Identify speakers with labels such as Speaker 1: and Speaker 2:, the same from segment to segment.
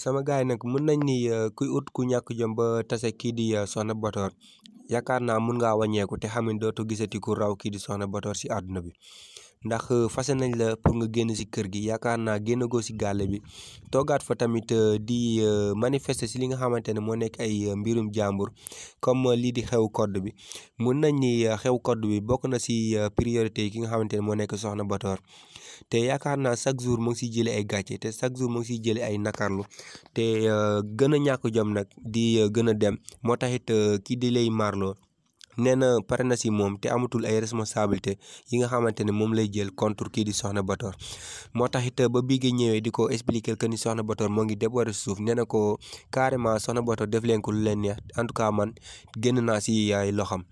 Speaker 1: sama gars yi mun nañ ni euh, kuy ut ku ñàkk jom ba tase kii di euh, Soxna Bator yaakaar naa mun ngaa wàññeeku te xam ne dootu gisati ku raw kii di Soxna Bator si àdduna bi ndax euh, fase nañ la pour nga génn si kër gi yaakaar naa génnagoo si gaale bi toogaat fa tamit euh, di euh, manifester si li nga xamante ne moo nekk ay mbirum jàmbur comme lii di xew code bi mun nañ ni xew code bi bokk na si priorité yi ki nga xamante ne moo nekk Soxna Batoor te yaakaar naa chaque jour mu ngi siy jëlee ay gàcce te chaque jour mu ngi siy jëlee ay nakarlu te gën a ñàkk jom nag di gën a dem moo taxit kii di lay maarloo nee na pare na si moom te amatul ay responsabilité yi nga xamante ne moom lay jël contre kii di Soxna Bator moo tax it ba bii gi ñëwee di ko expliquer que ni Soxna Bator moo ngi déborder suuf nee na ko carrément Soxna Bator def leen ko leen neex en tout cas man génn naa si yaay loxam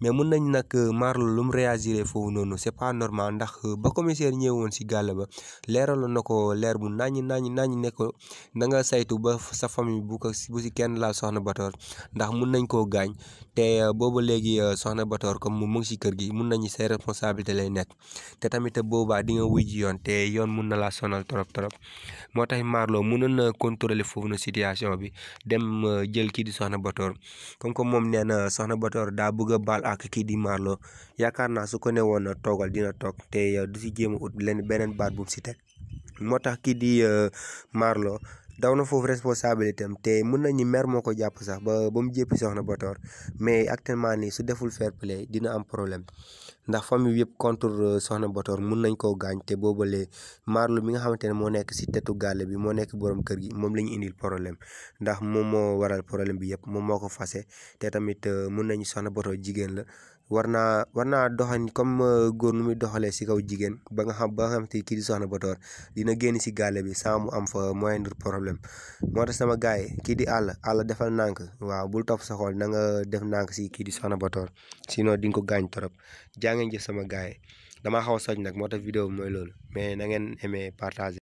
Speaker 1: mais mun nañ nag Marlo lu mu réagir foofu noonu c'est pas normal ndax ba commissaire ñëwoon si gàll ba leeraloon na ko leer bu naññi naññi naññi ne ko na nga saytu ba sa famille bu ko bu si kenn laal Soxna Bator ndax mun nañ koo gaañ ci euh, soxna Batoor comme moom mu ngi si kër gi mun nañu say responsabilité lay nekk te tamit boobaa di nga wuy ji yoon te yoon mun na laa sonal trop trop moo tax Marlo mënoon na contrôler foofu na situation bi dem euh, jël kii di soxna Batoor comme que moom nee na soxna Batoor daa bëgg a baal ak kii di Marlo yaakaar naa su ko ne woon toogal dina toog te euh, du si jéem ut leen beneen baat bu mu si teg di Marlo daw na foofu responsabilité am te mën nañu mer moo ko jàpp sax ba ba mu jéppi soxna Bator mais actuellement nii su deful fair play dina am problème ndax famille yëpp contre euh, soxna Bator mën nañ koo gaañ te boobalee Marlo mi nga xamante ne moo nekk si tetu gàlle bi moo nekk borom kër gi moom la ñu indil problème ndax moom moo waral problème bi yëpp moom moo ko fase te tamit euh, mën nañu soxna Bator jigéen la war naa war naa doxan comme euh, góor nu muy doxalee si kaw jigéen ba nga xam ba nga xam te kii di soxna Batoor dina génn si gaale bi sans mu am fa moindre problème moo tax sama gars yi kii di àll àll defal nànk waaw bul topp sa xool na nga def nànk si kii di soxna Batoor sinon di nga ko gaañ trop jaa ngeen jëf sama gars yi damaa xaw a soñ nag moo tax vidéo bi mooy loolu mais na ngeen aimé partager